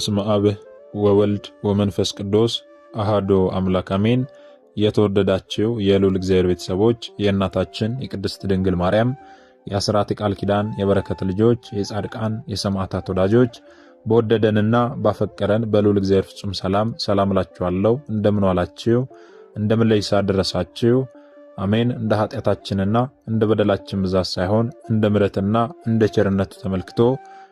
በስመ አብ ወወልድ ወመንፈስ ቅዱስ አሃዶ አምላክ አሜን። የተወደዳችሁ የልዑል እግዚአብሔር ቤተሰቦች የእናታችን የቅድስት ድንግል ማርያም የአስራት የቃል ኪዳን የበረከት ልጆች የጻድቃን የሰማዕታት ወዳጆች በወደደንና ባፈቀረን በልዑል እግዚአብሔር ፍጹም ሰላም ሰላም እላችኋለሁ። እንደምን ዋላችሁ? እንደምን ለይሳ ደረሳችሁ? አሜን። እንደ ኃጢአታችንና እንደ በደላችን ብዛት ሳይሆን እንደ ምረትና እንደ ቸርነቱ ተመልክቶ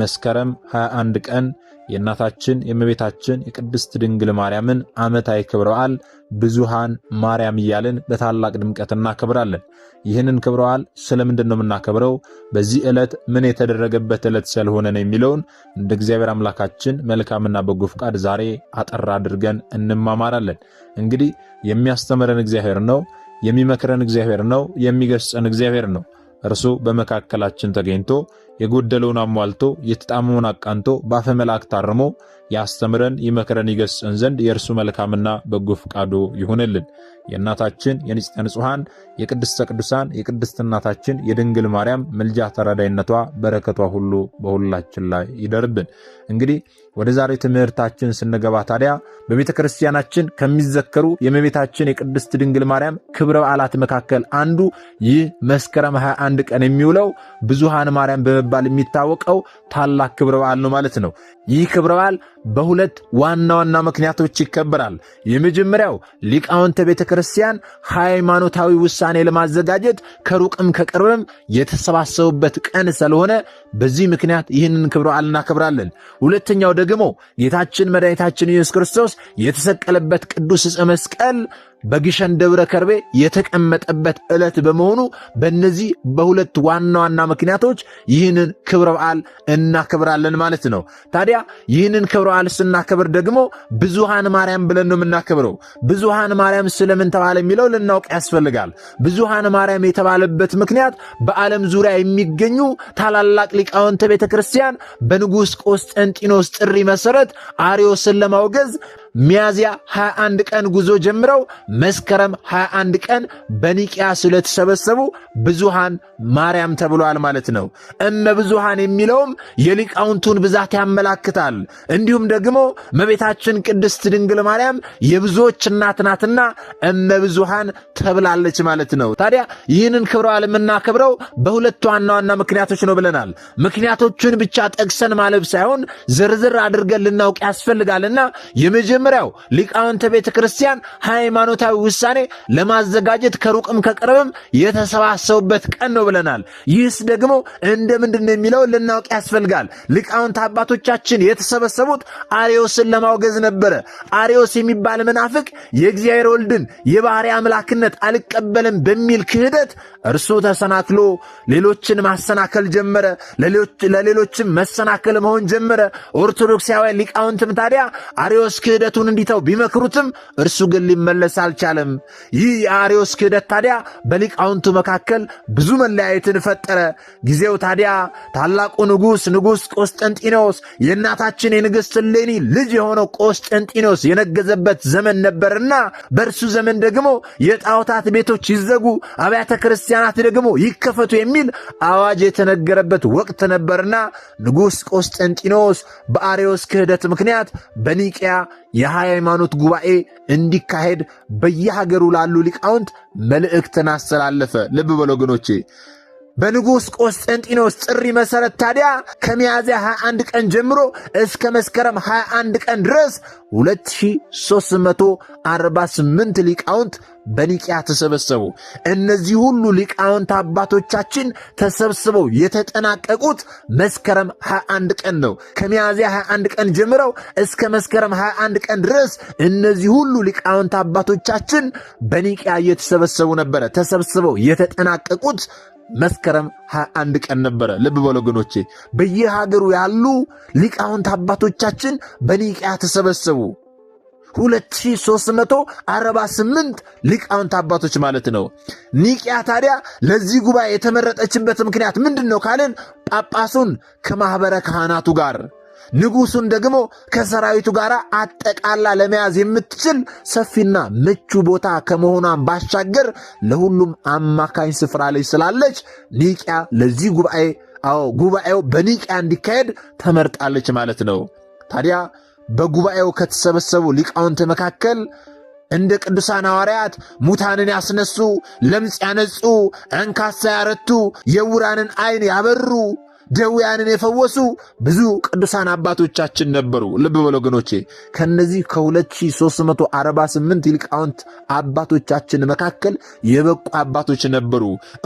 መስከረም 21 ቀን የእናታችን የእመቤታችን የቅድስት ድንግል ማርያምን ዓመታዊ ክብረ በዓል ብዙሃን ማርያም እያልን በታላቅ ድምቀት እናከብራለን። ይህንን ክብረ በዓል ስለምንድን ነው የምናከብረው? በዚህ ዕለት ምን የተደረገበት ዕለት ስለሆነ ነው የሚለውን እንደ እግዚአብሔር አምላካችን መልካምና በጎ ፍቃድ ዛሬ አጠር አድርገን እንማማራለን። እንግዲህ የሚያስተምረን እግዚአብሔር ነው፣ የሚመክረን እግዚአብሔር ነው፣ የሚገስጸን እግዚአብሔር ነው። እርሱ በመካከላችን ተገኝቶ የጎደለውን አሟልቶ የተጣመውን አቃንቶ በአፈ መልአክ ታርሞ ያስተምረን ይመክረን ይገስጸን ዘንድ የእርሱ መልካምና በጎ ፍቃዱ ይሁንልን። የእናታችን የንጽሕተ ንጹሐን የቅድስተ ቅዱሳን የቅድስት እናታችን የድንግል ማርያም ምልጃ ተራዳይነቷ በረከቷ ሁሉ በሁላችን ላይ ይደርብን። እንግዲህ ወደ ዛሬ ትምህርታችን ስንገባ ታዲያ በቤተ ክርስቲያናችን ከሚዘከሩ የእመቤታችን የቅድስት ድንግል ማርያም ክብረ በዓላት መካከል አንዱ ይህ መስከረም 21 ቀን የሚውለው ብዙሃን ማርያም በመባል የሚታወቀው ታላቅ ክብረ በዓል ነው ማለት ነው። ይህ ክብረ በዓል በሁለት ዋና ዋና ምክንያቶች ይከበራል። የመጀመሪያው ሊቃውንተ ቤተ ክርስቲያን ሃይማኖታዊ ውሳኔ ለማዘጋጀት ከሩቅም ከቅርብም የተሰባሰቡበት ቀን ስለሆነ በዚህ ምክንያት ይህንን ክብረ በዓል እናከብራለን። ሁለተኛው ደግሞ ጌታችን መድኃኒታችን ኢየሱስ ክርስቶስ የተሰቀለበት ቅዱስ ዕፀ መስቀል በግሸን ደብረ ከርቤ የተቀመጠበት ዕለት በመሆኑ በእነዚህ በሁለት ዋና ዋና ምክንያቶች ይህንን ክብረ በዓል እናከብራለን ማለት ነው። ታዲያ ይህንን ክብረ በዓል ስናከብር ደግሞ ብዙሃን ማርያም ብለን ነው የምናከብረው። ብዙሃን ማርያም ስለምን ተባለ የሚለው ልናውቅ ያስፈልጋል። ብዙሃን ማርያም የተባለበት ምክንያት በዓለም ዙሪያ የሚገኙ ታላላቅ ሊቃውንተ ቤተ ክርስቲያን በንጉሥ ቆስጠንጢኖስ ጥሪ መሰረት አሪዮስን ለማውገዝ ሚያዝያ 21 ቀን ጉዞ ጀምረው መስከረም 21 ቀን በኒቅያ ስለተሰበሰቡ ብዙሃን ማርያም ተብሏል ማለት ነው። እመ ብዙሃን የሚለውም የሊቃውንቱን ብዛት ያመላክታል። እንዲሁም ደግሞ እመቤታችን ቅድስት ድንግል ማርያም የብዙዎች እናት ናትና እመ ብዙሃን ተብላለች ማለት ነው። ታዲያ ይህንን ክብረ በዓል የምናከብረው በሁለት ዋና ዋና ምክንያቶች ነው ብለናል። ምክንያቶቹን ብቻ ጠቅሰን ማለብ ሳይሆን ዝርዝር አድርገን ልናውቅ ያስፈልጋልና የመጀመ የመጀመሪያው ሊቃውንተ ቤተ ክርስቲያን ሃይማኖታዊ ውሳኔ ለማዘጋጀት ከሩቅም ከቅርብም የተሰባሰቡበት ቀን ነው ብለናል። ይህስ ደግሞ እንደ ምንድን ነው የሚለው ልናውቅ ያስፈልጋል። ሊቃውንት አባቶቻችን የተሰበሰቡት አሪዎስን ለማውገዝ ነበረ። አሪዮስ የሚባል መናፍቅ የእግዚአብሔር ወልድን የባህሪ አምላክነት አልቀበልም በሚል ክህደት እርሱ ተሰናክሎ ሌሎችን ማሰናከል ጀመረ። ለሌሎችም መሰናከል መሆን ጀመረ። ኦርቶዶክሳዊ ሊቃውንትም ታዲያ አሪዮስ ክህደት ክህደቱን እንዲተው ቢመክሩትም እርሱ ግን ሊመለስ አልቻለም። ይህ የአርዮስ ክህደት ታዲያ በሊቃውንቱ መካከል ብዙ መለያየትን ፈጠረ። ጊዜው ታዲያ ታላቁ ንጉሥ ንጉሥ ቆስጠንጢኖስ የእናታችን የንግሥት እሌኒ ልጅ የሆነው ቆስጠንጢኖስ የነገዘበት ዘመን ነበርና በእርሱ ዘመን ደግሞ የጣዖታት ቤቶች ይዘጉ፣ አብያተ ክርስቲያናት ደግሞ ይከፈቱ የሚል አዋጅ የተነገረበት ወቅት ነበርና ንጉሥ ቆስጠንጢኖስ በአርዮስ ክህደት ምክንያት በኒቅያ የሃይማኖት ጉባኤ እንዲካሄድ በየሀገሩ ላሉ ሊቃውንት መልእክትን አስተላለፈ። ልብ በል ወገኖቼ በንጉሥ ቆስጠንጢኖስ ጥሪ መሠረት ታዲያ ከሚያዝያ 21 ቀን ጀምሮ እስከ መስከረም 21 ቀን ድረስ 2348 ሊቃውንት በኒቅያ ተሰበሰቡ። እነዚህ ሁሉ ሊቃውንት አባቶቻችን ተሰብስበው የተጠናቀቁት መስከረም 21 ቀን ነው። ከሚያዝያ 21 ቀን ጀምረው እስከ መስከረም 21 ቀን ድረስ እነዚህ ሁሉ ሊቃውንት አባቶቻችን በኒቅያ እየተሰበሰቡ ነበረ። ተሰብስበው የተጠናቀቁት መስከረም 21 ቀን ነበረ። ልብ በሉ ወገኖቼ፣ በየሀገሩ ያሉ ሊቃውንት አባቶቻችን በኒቅያ ተሰበሰቡ። 2348 ሊቃውንት አባቶች ማለት ነው። ኒቅያ ታዲያ ለዚህ ጉባኤ የተመረጠችበት ምክንያት ምንድን ነው ካልን ጳጳሱን ከማኅበረ ካህናቱ ጋር ንጉሱን ደግሞ ከሰራዊቱ ጋር አጠቃላ ለመያዝ የምትችል ሰፊና ምቹ ቦታ ከመሆኗን ባሻገር ለሁሉም አማካኝ ስፍራ ላይ ስላለች ኒቂያ ለዚህ ጉባኤ አዎ ጉባኤው በኒቂያ እንዲካሄድ ተመርጣለች ማለት ነው። ታዲያ በጉባኤው ከተሰበሰቡ ሊቃውንት መካከል እንደ ቅዱሳን ሐዋርያት ሙታንን ያስነሱ፣ ለምጽ ያነጹ፣ አንካሳ ያረቱ፣ የውራንን ዐይን ያበሩ ደውያንን የፈወሱ ብዙ ቅዱሳን አባቶቻችን ነበሩ። ልብ በሉ ወገኖቼ፣ ከነዚህ ከ2348 ሊቃውንት አባቶቻችን መካከል የበቁ አባቶች ነበሩ።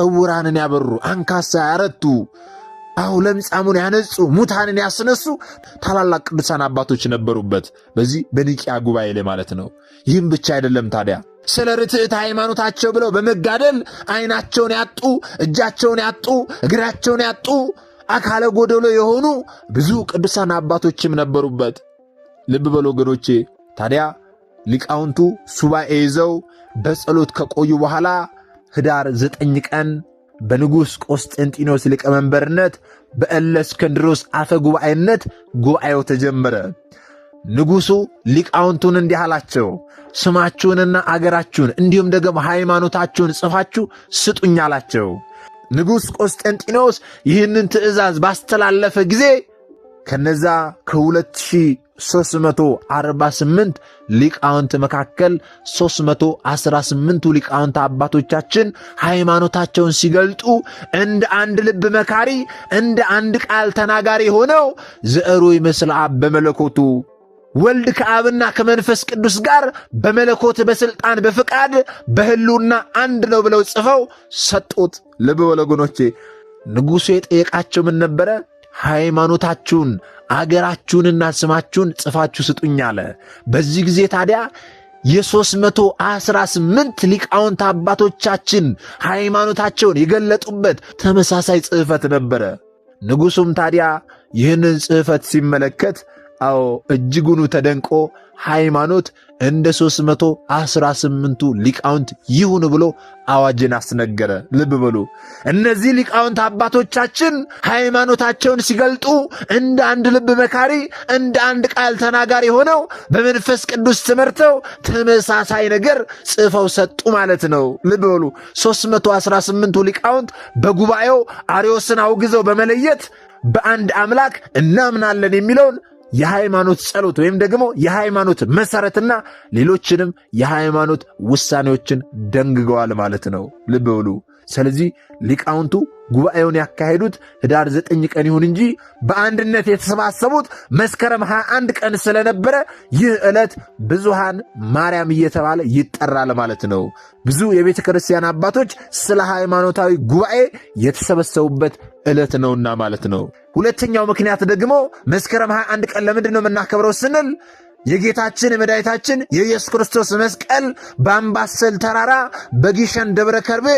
እውራንን ያበሩ፣ አንካሳ ያረቱ አሁ ለምጻሙን ያነጹ ሙታንን ያስነሱ ታላላቅ ቅዱሳን አባቶች ነበሩበት፣ በዚህ በኒቅያ ጉባኤ ላይ ማለት ነው። ይህም ብቻ አይደለም ታዲያ ስለ ርትዕት ሃይማኖታቸው ብለው በመጋደል አይናቸውን ያጡ፣ እጃቸውን ያጡ፣ እግራቸውን ያጡ አካለ ጎደሎ የሆኑ ብዙ ቅዱሳን አባቶችም ነበሩበት። ልብ በሉ ወገኖቼ። ታዲያ ሊቃውንቱ ሱባኤ ይዘው በጸሎት ከቆዩ በኋላ ህዳር ዘጠኝ ቀን በንጉሥ ቆስጠንጢኖስ ሊቀመንበርነት በእለእስክንድሮስ አፈ ጉባኤነት ጉባኤው ተጀመረ። ንጉሡ ሊቃውንቱን እንዲህ አላቸው፣ ስማችሁንና አገራችሁን እንዲሁም ደግሞ ሃይማኖታችሁን ጽፋችሁ ስጡኝ አላቸው። ንጉሥ ቆስጠንጢኖስ ይህንን ትእዛዝ ባስተላለፈ ጊዜ ከነዛ ከ2348 ሊቃውንት መካከል 318ቱ ሊቃውንት አባቶቻችን ሃይማኖታቸውን ሲገልጡ እንደ አንድ ልብ መካሪ እንደ አንድ ቃል ተናጋሪ ሆነው ዘእሩይ ምስለ አብ በመለኮቱ ወልድ ከአብና ከመንፈስ ቅዱስ ጋር በመለኮት በስልጣን በፍቃድ በሕልውና አንድ ነው ብለው ጽፈው ሰጡት። ልብ ወለጎኖቼ ወገኖቼ። ንጉሡ የጠየቃቸው ምን ነበረ? ሃይማኖታችሁን፣ አገራችሁንና ስማችሁን ጽፋችሁ ስጡኝ አለ። በዚህ ጊዜ ታዲያ አስራ ስምንት ሊቃውንት አባቶቻችን ሃይማኖታቸውን የገለጡበት ተመሳሳይ ጽሕፈት ነበረ። ንጉሡም ታዲያ ይህንን ጽሕፈት ሲመለከት አዎ እጅጉኑ ተደንቆ ሃይማኖት እንደ 318ቱ ሊቃውንት ይሁን ብሎ አዋጅን አስነገረ። ልብ በሉ እነዚህ ሊቃውንት አባቶቻችን ሃይማኖታቸውን ሲገልጡ እንደ አንድ ልብ መካሪ፣ እንደ አንድ ቃል ተናጋሪ ሆነው በመንፈስ ቅዱስ ትምህርተው ተመሳሳይ ነገር ጽፈው ሰጡ ማለት ነው። ልብ በሉ 318ቱ ሊቃውንት በጉባኤው አሪዮስን አውግዘው በመለየት በአንድ አምላክ እናምናለን የሚለውን የሃይማኖት ጸሎት ወይም ደግሞ የሃይማኖት መሰረትና ሌሎችንም የሃይማኖት ውሳኔዎችን ደንግገዋል ማለት ነው። ልብ ብሉ። ስለዚህ ሊቃውንቱ ጉባኤውን ያካሄዱት ህዳር ዘጠኝ ቀን ይሁን እንጂ በአንድነት የተሰባሰቡት መስከረም 21 ቀን ስለነበረ ይህ ዕለት ብዙሃን ማርያም እየተባለ ይጠራል ማለት ነው። ብዙ የቤተ ክርስቲያን አባቶች ስለ ሃይማኖታዊ ጉባኤ የተሰበሰቡበት ዕለት ነውና ማለት ነው። ሁለተኛው ምክንያት ደግሞ መስከረም 21 ቀን ለምንድን ነው የምናከብረው ስንል የጌታችን የመድኃኒታችን የኢየሱስ ክርስቶስ መስቀል በአምባሰል ተራራ በጊሸን ደብረ ከርቤ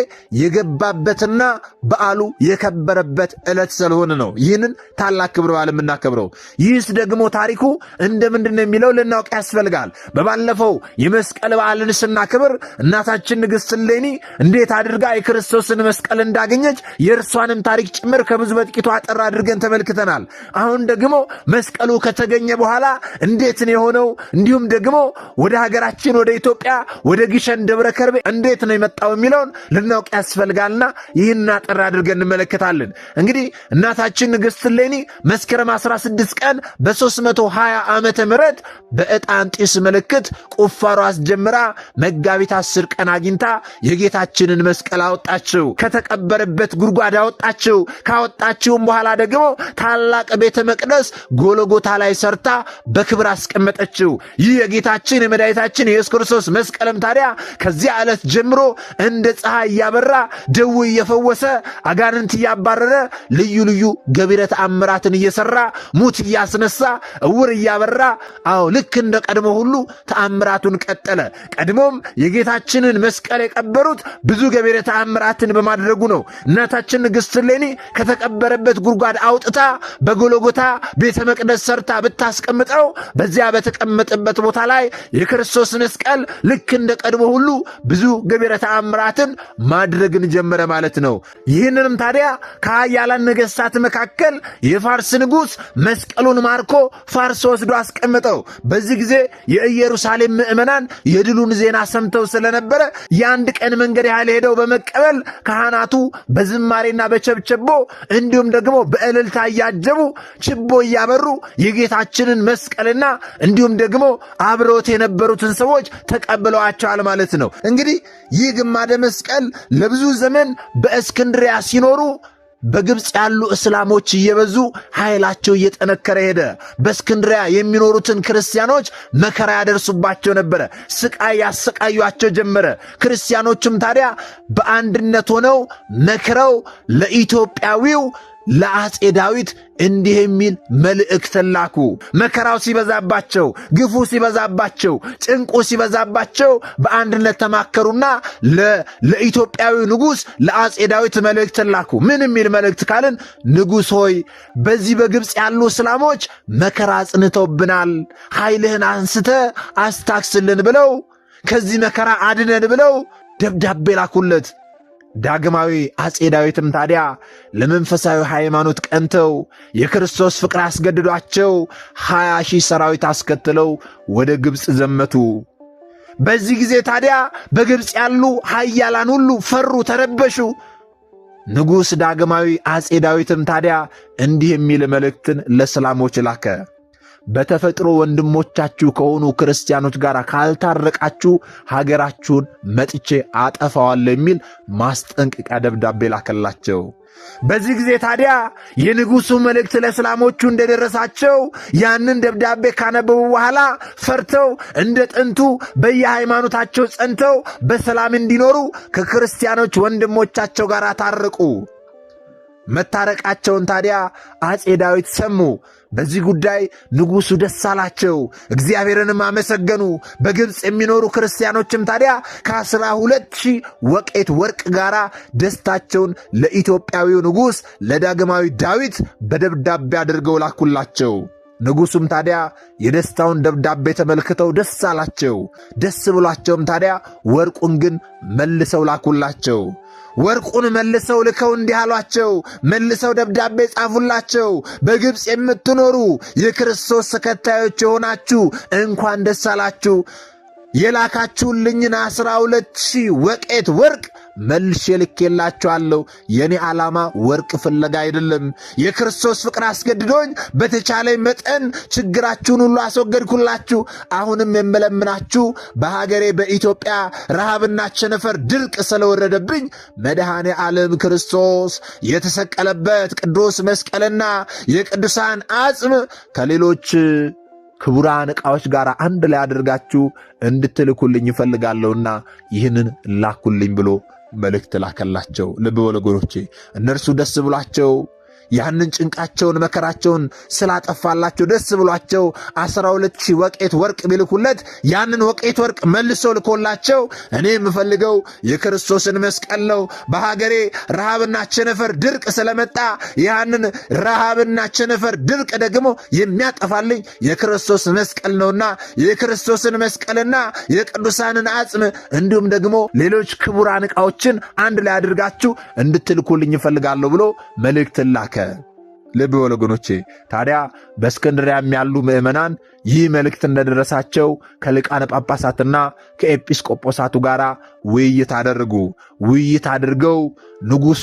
የገባበትና በዓሉ የከበረበት ዕለት ስለሆነ ነው ይህንን ታላቅ ክብረ በዓል የምናከብረው። ይህስ ደግሞ ታሪኩ እንደምንድን ነው የሚለው ልናውቅ ያስፈልጋል። በባለፈው የመስቀል በዓልን ስናክብር እናታችን ንግሥት እሌኒ እንዴት አድርጋ የክርስቶስን መስቀል እንዳገኘች የእርሷንም ታሪክ ጭምር ከብዙ በጥቂቱ አጠር አድርገን ተመልክተናል። አሁን ደግሞ መስቀሉ ከተገኘ በኋላ እንዴት ነው ነው? እንዲሁም ደግሞ ወደ ሀገራችን ወደ ኢትዮጵያ ወደ ግሸን ደብረ ከርቤ እንዴት ነው የመጣው የሚለውን ልናውቅ ያስፈልጋልና ይህን አጠር አድርገን እንመለከታለን። እንግዲህ እናታችን ንግሥት እሌኒ መስከረም 16 ቀን በ320 ዓመተ ምህረት በዕጣን ጢስ ምልክት ቁፋሮ አስጀምራ መጋቢት 10 ቀን አግኝታ የጌታችንን መስቀል አወጣችው፣ ከተቀበረበት ጉድጓድ አወጣችው። ካወጣችውም በኋላ ደግሞ ታላቅ ቤተ መቅደስ ጎሎጎታ ላይ ሰርታ በክብር አስቀመጠ ሰጠችው። ይህ የጌታችን የመድኃኒታችን የኢየሱስ ክርስቶስ መስቀልም ታዲያ ከዚያ ዕለት ጀምሮ እንደ ፀሐይ እያበራ ደዌ እየፈወሰ አጋንንት እያባረረ ልዩ ልዩ ገቢረ ተአምራትን እየሰራ ሙት እያስነሳ እውር እያበራ አዎ ልክ እንደ ቀድሞ ሁሉ ተአምራቱን ቀጠለ። ቀድሞም የጌታችንን መስቀል የቀበሩት ብዙ ገቢረ ተአምራትን በማድረጉ ነው። እናታችን ንግሥት እሌኒ ከተቀበረበት ጉድጓድ አውጥታ በጎሎጎታ ቤተ መቅደስ ሰርታ ብታስቀምጠው በዚያ በተቀመጠበት ቦታ ላይ የክርስቶስ መስቀል ልክ እንደ ቀድሞ ሁሉ ብዙ ገቢረ ተአምራትን ማድረግን ጀመረ ማለት ነው። ይህንንም ታዲያ ከኃያላን ነገሥታት መካከል የፋርስ ንጉሥ መስቀሉን ማርኮ ፋርስ ወስዶ አስቀምጠው። በዚህ ጊዜ የኢየሩሳሌም ምዕመናን የድሉን ዜና ሰምተው ስለነበረ የአንድ ቀን መንገድ ያህል ሄደው በመቀበል ካህናቱ በዝማሬና በቸብቸቦ እንዲሁም ደግሞ በእልልታ እያጀቡ ችቦ እያበሩ የጌታችንን መስቀልና እንዲ እንዲሁም ደግሞ አብረውት የነበሩትን ሰዎች ተቀብለዋቸዋል ማለት ነው። እንግዲህ ይህ ግማደ መስቀል ለብዙ ዘመን በእስክንድሪያ ሲኖሩ በግብፅ ያሉ እስላሞች እየበዙ ኃይላቸው እየጠነከረ ሄደ። በእስክንድሪያ የሚኖሩትን ክርስቲያኖች መከራ ያደርሱባቸው ነበረ። ስቃይ ያሰቃዩቸው ጀመረ። ክርስቲያኖችም ታዲያ በአንድነት ሆነው መክረው ለኢትዮጵያዊው ለአጼ ዳዊት እንዲህ የሚል መልእክት ላኩ። መከራው ሲበዛባቸው፣ ግፉ ሲበዛባቸው፣ ጭንቁ ሲበዛባቸው በአንድነት ተማከሩና ለኢትዮጵያዊ ንጉሥ ለአጼ ዳዊት መልእክት ላኩ። ምን የሚል መልእክት ካልን ንጉሥ ሆይ በዚህ በግብፅ ያሉ እስላሞች መከራ አጽንተውብናል፣ ኃይልህን አንስተ አስታክስልን ብለው ከዚህ መከራ አድነን ብለው ደብዳቤ ላኩለት። ዳግማዊ አጼ ዳዊትም ታዲያ ለመንፈሳዊ ሃይማኖት ቀንተው የክርስቶስ ፍቅር አስገድዷቸው ሀያ ሺህ ሰራዊት አስከትለው ወደ ግብፅ ዘመቱ። በዚህ ጊዜ ታዲያ በግብፅ ያሉ ሀያላን ሁሉ ፈሩ፣ ተረበሹ። ንጉሥ ዳግማዊ አጼ ዳዊትም ታዲያ እንዲህ የሚል መልእክትን ለሰላሞች ላከ። በተፈጥሮ ወንድሞቻችሁ ከሆኑ ክርስቲያኖች ጋር ካልታረቃችሁ ሀገራችሁን መጥቼ አጠፋዋለሁ የሚል ማስጠንቀቂያ ደብዳቤ ላከላቸው። በዚህ ጊዜ ታዲያ የንጉሡ መልእክት ለእስላሞቹ እንደደረሳቸው ያንን ደብዳቤ ካነበቡ በኋላ ፈርተው እንደ ጥንቱ በየሃይማኖታቸው ጸንተው በሰላም እንዲኖሩ ከክርስቲያኖች ወንድሞቻቸው ጋር ታረቁ። መታረቃቸውን ታዲያ አፄ ዳዊት ሰሙ። በዚህ ጉዳይ ንጉሡ ደስ አላቸው፣ እግዚአብሔርንም አመሰገኑ። በግብፅ የሚኖሩ ክርስቲያኖችም ታዲያ ከአስራ ሁለት ሺህ ወቄት ወርቅ ጋር ደስታቸውን ለኢትዮጵያዊው ንጉሥ ለዳግማዊ ዳዊት በደብዳቤ አድርገው ላኩላቸው። ንጉሡም ታዲያ የደስታውን ደብዳቤ ተመልክተው ደስ አላቸው። ደስ ብሏቸውም ታዲያ ወርቁን ግን መልሰው ላኩላቸው። ወርቁን መልሰው ልከው እንዲህ አሏቸው። መልሰው ደብዳቤ ጻፉላቸው። በግብፅ የምትኖሩ የክርስቶስ ተከታዮች የሆናችሁ እንኳን ደስ አላችሁ። የላካችሁልኝን አስራ ሁለት ሺህ ወቄት ወርቅ መልሼ ልኬላችኋለሁ። የእኔ ዓላማ ወርቅ ፍለጋ አይደለም። የክርስቶስ ፍቅር አስገድዶኝ በተቻለ መጠን ችግራችሁን ሁሉ አስወገድኩላችሁ። አሁንም የምለምናችሁ በሀገሬ በኢትዮጵያ ረሃብና ቸነፈር ድርቅ ስለወረደብኝ መድኃኔ ዓለም ክርስቶስ የተሰቀለበት ቅዱስ መስቀልና የቅዱሳን አጽም ከሌሎች ክቡራን ዕቃዎች ጋር አንድ ላይ አድርጋችሁ እንድትልኩልኝ ይፈልጋለሁና ይህንን ላኩልኝ ብሎ መልእክት ላከላቸው። ልብ በሉ ወገኖቼ፣ እነርሱ ደስ ብሏቸው ያንን ጭንቃቸውን መከራቸውን ስላጠፋላቸው ደስ ብሏቸው ሁለት ሺህ ወቄት ወርቅ ቢልኩለት ያንን ወቄት ወርቅ መልሶ ልኮላቸው እኔ የምፈልገው የክርስቶስን መስቀል ነው። በሀገሬ ረሃብና ቸነፈር ድርቅ ስለመጣ ያንን ረሃብና ቸነፈር ድርቅ ደግሞ የሚያጠፋልኝ የክርስቶስ መስቀል ነውና የክርስቶስን መስቀልና የቅዱሳንን አጽም እንዲሁም ደግሞ ሌሎች ክቡራን ዕቃዎችን አንድ ላይ አድርጋችሁ እንድትልኩልኝ ይፈልጋለሁ ብሎ መልእክት ላከ። Yeah. ልብ በሉ ወገኖቼ። ታዲያ በእስክንድሪያም ያሉ ምዕመናን ይህ መልእክት እንደደረሳቸው ከልቃነ ጳጳሳትና ከኤጲስቆጶሳቱ ጋር ውይይት አደረጉ። ውይይት አድርገው ንጉሡ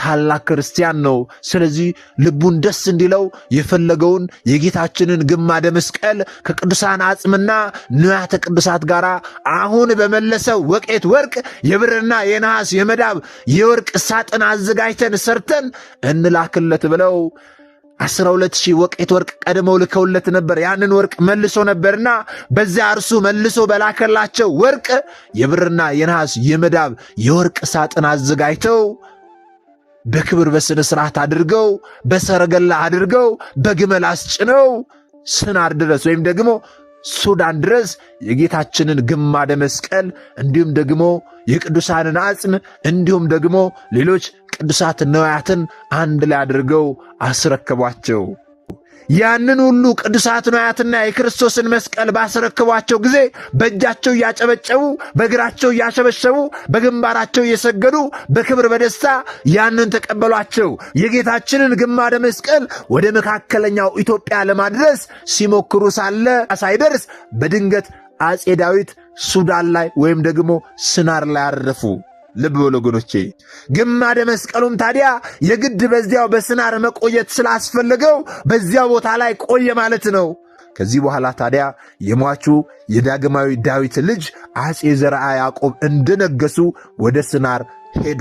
ታላቅ ክርስቲያን ነው፣ ስለዚህ ልቡን ደስ እንዲለው የፈለገውን የጌታችንን ግማደ መስቀል ከቅዱሳን አጽምና ንዋያተ ቅዱሳት ጋር አሁን በመለሰው ወቄት ወርቅ የብርና የነሐስ የመዳብ የወርቅ ሳጥን አዘጋጅተን ሰርተን እንላክለት ብለው 12 ሺህ ወቄት ወርቅ ቀድመው ልከውለት ነበር። ያንን ወርቅ መልሶ ነበርና በዚያ እርሱ መልሶ በላከላቸው ወርቅ የብርና የነሐስ የመዳብ የወርቅ ሳጥን አዘጋጅተው በክብር በሥነ ሥርዓት አድርገው በሰረገላ አድርገው በግመል አስጭነው ስናር ድረስ ወይም ደግሞ ሱዳን ድረስ የጌታችንን ግማደ መስቀል እንዲሁም ደግሞ የቅዱሳንን አጽም እንዲሁም ደግሞ ሌሎች ቅዱሳት ነዋያትን አንድ ላይ አድርገው አስረክቧቸው። ያንን ሁሉ ቅዱሳት ነዋያትና የክርስቶስን መስቀል ባስረክቧቸው ጊዜ በእጃቸው እያጨበጨቡ በእግራቸው እያሸበሸቡ በግንባራቸው እየሰገዱ በክብር በደስታ ያንን ተቀበሏቸው። የጌታችንን ግማደ መስቀል ወደ መካከለኛው ኢትዮጵያ ለማድረስ ሲሞክሩ ሳለ ሳይደርስ በድንገት አፄ ዳዊት ሱዳን ላይ ወይም ደግሞ ስናር ላይ አረፉ። ልብ በሉ ወገኖቼ። ግማደ መስቀሉም ታዲያ የግድ በዚያው በስናር መቆየት ስላስፈለገው በዚያው ቦታ ላይ ቆየ ማለት ነው። ከዚህ በኋላ ታዲያ የሟቹ የዳግማዊ ዳዊት ልጅ አፄ ዘርዓ ያዕቆብ እንደነገሱ ወደ ስናር ሄዱ።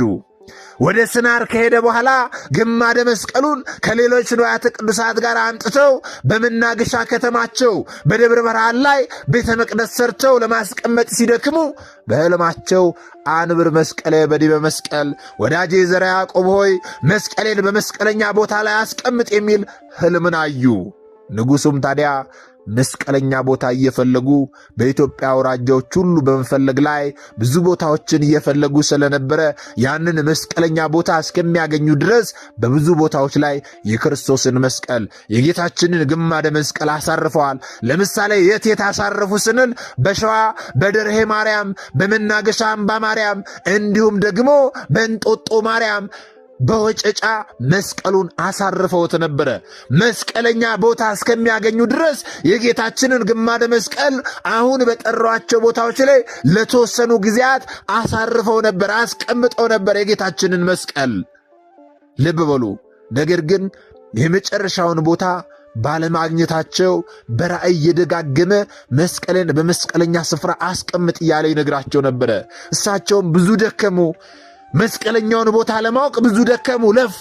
ወደ ስናር ከሄደ በኋላ ግማደ መስቀሉን ከሌሎች ንዋያተ ቅዱሳት ጋር አምጥተው በመናገሻ ከተማቸው በደብረ ብርሃን ላይ ቤተ መቅደስ ሰርተው ለማስቀመጥ ሲደክሙ በሕልማቸው አንብር መስቀሌ በዲበ መስቀል ወዳጄ ዘርዓ ያዕቆብ ሆይ መስቀሌን በመስቀለኛ ቦታ ላይ አስቀምጥ የሚል ሕልምን አዩ። ንጉሡም ታዲያ መስቀለኛ ቦታ እየፈለጉ በኢትዮጵያ አውራጃዎች ሁሉ በመፈለግ ላይ ብዙ ቦታዎችን እየፈለጉ ስለነበረ ያንን መስቀለኛ ቦታ እስከሚያገኙ ድረስ በብዙ ቦታዎች ላይ የክርስቶስን መስቀል የጌታችንን ግማደ መስቀል አሳርፈዋል። ለምሳሌ የት የት አሳረፉ ስንል በሸዋ በደርሄ ማርያም፣ በመናገሻ አምባ ማርያም እንዲሁም ደግሞ በእንጦጦ ማርያም በወጨጫ መስቀሉን አሳርፈውት ነበረ። መስቀለኛ ቦታ እስከሚያገኙ ድረስ የጌታችንን ግማደ መስቀል አሁን በጠሯቸው ቦታዎች ላይ ለተወሰኑ ጊዜያት አሳርፈው ነበር፣ አስቀምጠው ነበር የጌታችንን መስቀል። ልብ በሉ። ነገር ግን የመጨረሻውን ቦታ ባለማግኘታቸው በራእይ እየደጋገመ መስቀልን በመስቀለኛ ስፍራ አስቀምጥ እያለ ይነግራቸው ነበረ። እሳቸውም ብዙ ደከሙ። መስቀለኛውን ቦታ ለማወቅ ብዙ ደከሙ፣ ለፉ።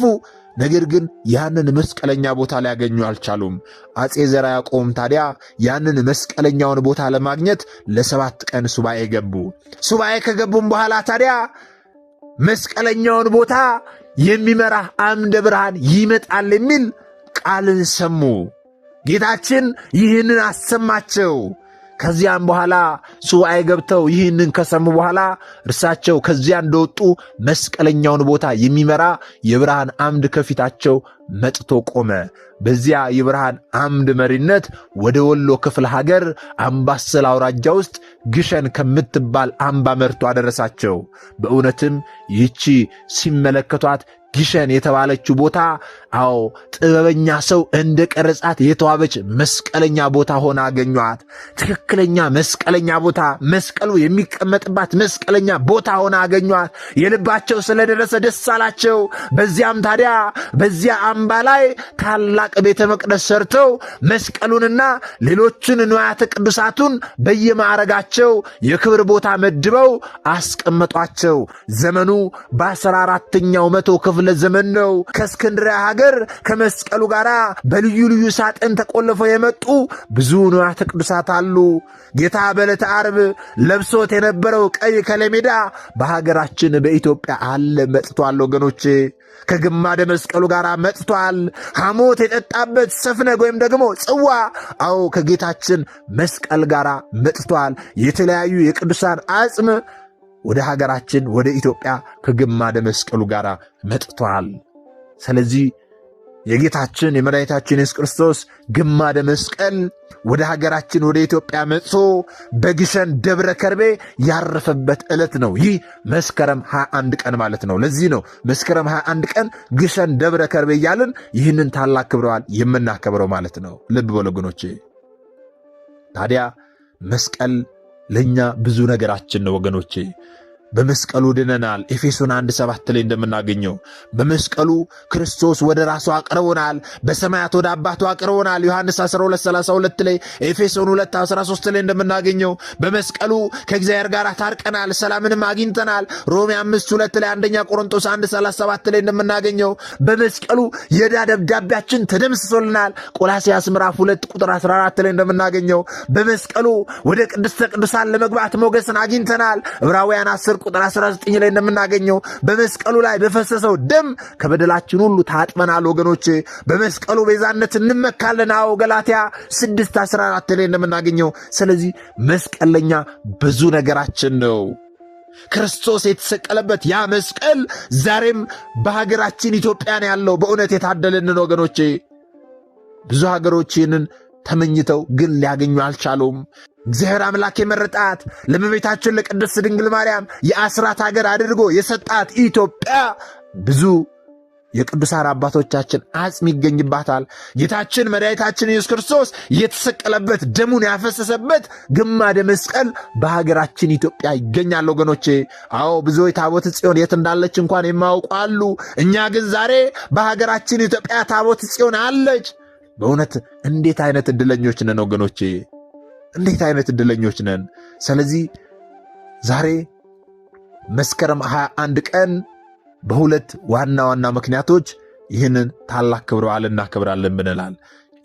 ነገር ግን ያንን መስቀለኛ ቦታ ሊያገኙ አልቻሉም። አጼ ዘርዓ ያዕቆብ ታዲያ ያንን መስቀለኛውን ቦታ ለማግኘት ለሰባት ቀን ሱባኤ ገቡ። ሱባኤ ከገቡም በኋላ ታዲያ መስቀለኛውን ቦታ የሚመራ አምደ ብርሃን ይመጣል የሚል ቃልን ሰሙ። ጌታችን ይህንን አሰማቸው። ከዚያም በኋላ ሱባኤ ገብተው ይህንን ከሰሙ በኋላ እርሳቸው ከዚያ እንደወጡ መስቀለኛውን ቦታ የሚመራ የብርሃን አምድ ከፊታቸው መጥቶ ቆመ። በዚያ የብርሃን አምድ መሪነት ወደ ወሎ ክፍለ ሀገር አምባሰል አውራጃ ውስጥ ግሸን ከምትባል አምባ መርቶ አደረሳቸው። በእውነትም ይቺ ሲመለከቷት ግሸን የተባለችው ቦታ አዎ ጥበበኛ ሰው እንደ ቀረጻት የተዋበች መስቀለኛ ቦታ ሆና አገኟት። ትክክለኛ መስቀለኛ ቦታ መስቀሉ የሚቀመጥባት መስቀለኛ ቦታ ሆና አገኟት። የልባቸው ስለደረሰ ደስ አላቸው። በዚያም ታዲያ በዚያ አምባ ላይ ታላቅ ቤተ መቅደስ ሰርተው መስቀሉንና ሌሎቹን ንዋያተ ቅዱሳቱን በየማዕረጋቸው የክብር ቦታ መድበው አስቀመጧቸው። ዘመኑ በአስራ አራተኛው መቶ ክፍል ክፍለ ዘመን ነው። ከእስክንድሪያ ሀገር ከመስቀሉ ጋር በልዩ ልዩ ሳጥን ተቆልፈው የመጡ ብዙ ንዋያተ ቅዱሳት አሉ። ጌታ በዕለተ ዓርብ ለብሶት የነበረው ቀይ ከለሜዳ በሀገራችን በኢትዮጵያ አለ መጥቷል። ወገኖቼ ከግማደ መስቀሉ ጋር መጥቷል። ሐሞት የጠጣበት ሰፍነግ ወይም ደግሞ ጽዋ፣ አዎ ከጌታችን መስቀል ጋር መጥቷል። የተለያዩ የቅዱሳን አጽም ወደ ሀገራችን ወደ ኢትዮጵያ ከግማደ መስቀሉ ጋር መጥቷል። ስለዚህ የጌታችን የመድኃኒታችን ኢየሱስ ክርስቶስ ግማደ መስቀል ወደ ሀገራችን ወደ ኢትዮጵያ መጥቶ በግሸን ደብረ ከርቤ ያረፈበት ዕለት ነው። ይህ መስከረም 21 ቀን ማለት ነው። ለዚህ ነው መስከረም 21 ቀን ግሸን ደብረ ከርቤ እያልን ይህንን ታላቅ ክብረ በዓል የምናከብረው ማለት ነው። ልብ በሉ ወገኖቼ ታዲያ መስቀል ለእኛ ብዙ ነገራችን ነው ወገኖቼ። በመስቀሉ ድነናል። ኤፌሶን አንድ ሰባት ላይ እንደምናገኘው በመስቀሉ ክርስቶስ ወደ ራሱ አቅርቦናል፣ በሰማያት ወደ አባቱ አቅርቦናል። ዮሐንስ 12፥32 ላይ ኤፌሶን 2 13 ላይ እንደምናገኘው በመስቀሉ ከእግዚአብሔር ጋር ታርቀናል፣ ሰላምንም አግኝተናል። ሮሜ 5 2 ላይ አንደኛ ቆሮንቶስ 1 37 ላይ እንደምናገኘው በመስቀሉ የዕዳ ደብዳቤያችን ተደምስሶልናል። ቆላሲያስ ምዕራፍ 2 ቁጥር 14 ላይ እንደምናገኘው በመስቀሉ ወደ ቅድስተ ቅዱሳን ለመግባት ሞገስን አግኝተናል። ዕብራውያን 10 ቁጥር 19 ላይ እንደምናገኘው በመስቀሉ ላይ በፈሰሰው ደም ከበደላችን ሁሉ ታጥበናል። ወገኖች በመስቀሉ ቤዛነት እንመካለን። አዎ ገላትያ 6 14 ላይ እንደምናገኘው። ስለዚህ መስቀል ለኛ ብዙ ነገራችን ነው። ክርስቶስ የተሰቀለበት ያ መስቀል ዛሬም በሀገራችን ኢትዮጵያን ያለው በእውነት የታደለንን ወገኖቼ ብዙ ሀገሮች ይህንን ተመኝተው ግን ሊያገኙ አልቻሉም። እግዚአብሔር አምላክ የመረጣት ለመቤታችን ለቅድስት ድንግል ማርያም የአስራት ሀገር አድርጎ የሰጣት ኢትዮጵያ ብዙ የቅዱሳን አባቶቻችን አጽም ይገኝባታል። ጌታችን መድኃኒታችን ኢየሱስ ክርስቶስ የተሰቀለበት ደሙን ያፈሰሰበት ግማደ መስቀል በሀገራችን ኢትዮጵያ ይገኛል። ወገኖቼ፣ አዎ ብዙ ታቦት ጽዮን የት እንዳለች እንኳን የማያውቁ አሉ። እኛ ግን ዛሬ በሀገራችን ኢትዮጵያ ታቦት ጽዮን አለች። በእውነት እንዴት አይነት እድለኞች ነን ወገኖቼ! እንዴት አይነት እድለኞች ነን! ስለዚህ ዛሬ መስከረም 21 ቀን በሁለት ዋና ዋና ምክንያቶች ይህንን ታላቅ ክብረ በዓል እናከብራለን ብንላል።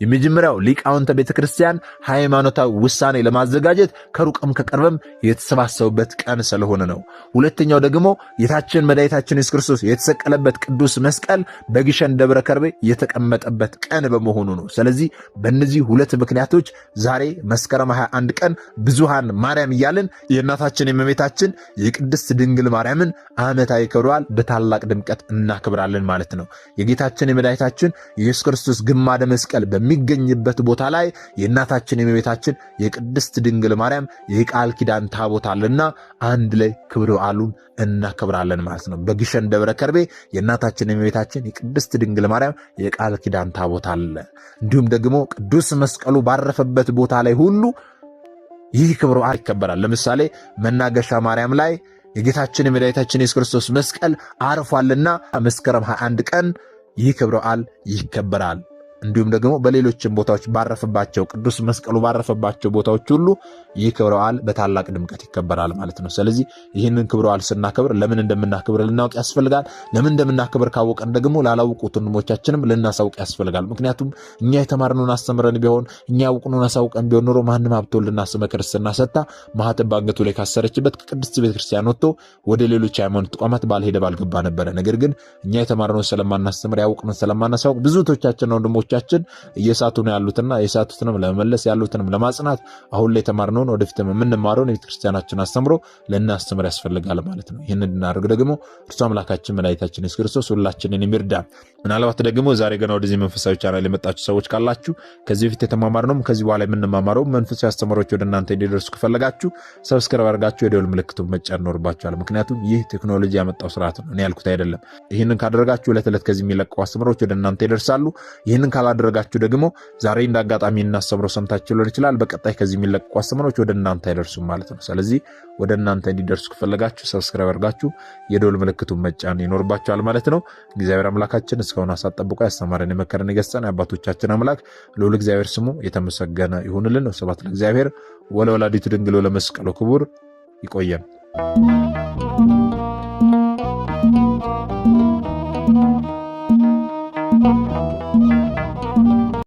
የመጀመሪያው ሊቃውንተ ቤተ ክርስቲያን ሃይማኖታዊ ውሳኔ ለማዘጋጀት ከሩቅም ከቅርብም የተሰባሰቡበት ቀን ስለሆነ ነው። ሁለተኛው ደግሞ ጌታችን መድኃኒታችን ኢየሱስ ክርስቶስ የተሰቀለበት ቅዱስ መስቀል በግሸን ደብረ ከርቤ የተቀመጠበት ቀን በመሆኑ ነው። ስለዚህ በእነዚህ ሁለት ምክንያቶች ዛሬ መስከረም 21 ቀን ብዙሃን ማርያም እያልን የእናታችን የእመቤታችን የቅድስት ድንግል ማርያምን ዓመታዊ ክብረ በዓል በታላቅ ድምቀት እናክብራለን ማለት ነው። የጌታችን የመድኃኒታችን የኢየሱስ ክርስቶስ ግማደ መስቀል በሚገኝበት ቦታ ላይ የእናታችን የእመቤታችን የቅድስት ድንግል ማርያም የቃል ኪዳን ታቦት አለና አንድ ላይ ክብረ በዓሉን እናከብራለን ማለት ነው። በግሸን ደብረ ከርቤ የእናታችን የእመቤታችን የቅድስት ድንግል ማርያም የቃል ኪዳን ታቦት አለ። እንዲሁም ደግሞ ቅዱስ መስቀሉ ባረፈበት ቦታ ላይ ሁሉ ይህ ክብረ በዓል ይከበራል። ለምሳሌ መናገሻ ማርያም ላይ የጌታችን የመድኃኒታችን የሱስ ክርስቶስ መስቀል አርፏልና መስከረም 21 ቀን ይህ ክብረ በዓል ይከበራል። እንዲሁም ደግሞ በሌሎችም ቦታዎች ባረፈባቸው ቅዱስ መስቀሉ ባረፈባቸው ቦታዎች ሁሉ ይህ ክብረ በዓል በታላቅ ድምቀት ይከበራል ማለት ነው። ስለዚህ ይህንን ክብረ በዓል ስናከብር ለምን እንደምናከብር ልናውቅ ያስፈልጋል። ለምን እንደምናከብር ካወቀን ደግሞ ላላውቁት ወንድሞቻችንም ልናሳውቅ ያስፈልጋል። ምክንያቱም እኛ የተማርነውን አስተምረን ቢሆን እኛ ያውቅነውን አሳውቀን ቢሆን ኖሮ ማንም ሀብቶ ልናስመ ክርስትና ሰጥታ ማህተብ በአንገቱ ላይ ካሰረችበት ከቅድስት ቤተክርስቲያን ወጥቶ ወደ ሌሎች ሃይማኖት ተቋማት ባልሄደ ባልገባ ነበረ። ነገር ግን እኛ የተማርነውን ስለማናስተምር ያውቅነውን ስለማናሳውቅ ብዙቶቻችን ወንድሞች ልጆቻችን እየሳቱ ነው ያሉትና የሳቱትንም ለመመለስ ያሉትንም ለማጽናት አሁን ላይ የተማርነውን ወደፊትም የምንማረውን የቤተክርስቲያናችን አስተምሮ ልናስተምር ያስፈልጋል ማለት ነው። ይህን እንድናደርግ ደግሞ እርሱ አምላካችን መድኃኒታችን ኢየሱስ ክርስቶስ ሁላችንን የሚርዳን። ምናልባት ደግሞ ዛሬ ገና ወደዚህ መንፈሳዊ ቻናል የመጣችሁ ሰዎች ካላችሁ ከዚህ በፊት የተማማርነውም ከዚህ በኋላ የምንማማረው መንፈሳዊ አስተምሮች ወደ እናንተ እንዲደርሱ ከፈለጋችሁ ሰብስክራይብ አድርጋችሁ የደወል ምልክቱን መጫን ይኖርባችኋል። ምክንያቱም ይህ ቴክኖሎጂ ያመጣው ስርዓት ነው፣ እኔ ያልኩት አይደለም። ይህንን ካደረጋችሁ ዕለት ዕለት ከዚህ የሚለቀው አስተምሮች ወደ እናንተ ይደርሳሉ። ይህንን ካላደረጋችሁ ደግሞ ዛሬ እንደ አጋጣሚ እናሰምረው ሰምታችሁ ሊሆን ይችላል። በቀጣይ ከዚህ የሚለቀቁ አስተምሮች ወደ እናንተ አይደርሱም ማለት ነው። ስለዚህ ወደ እናንተ እንዲደርሱ ከፈለጋችሁ ሰብስክራይብ አድርጋችሁ የደወል ምልክቱን መጫን ይኖርባችኋል ማለት ነው። እግዚአብሔር አምላካችን እስካሁን አሳት ጠብቆ ያስተማረን የመከረን የገሰጸን የአባቶቻችን አምላክ ልዑል እግዚአብሔር ስሙ የተመሰገነ ይሁንልን። ስብሐት ለእግዚአብሔር ወለወላዲቱ ድንግል ወለመስቀሉ ክቡር። ይቆየን።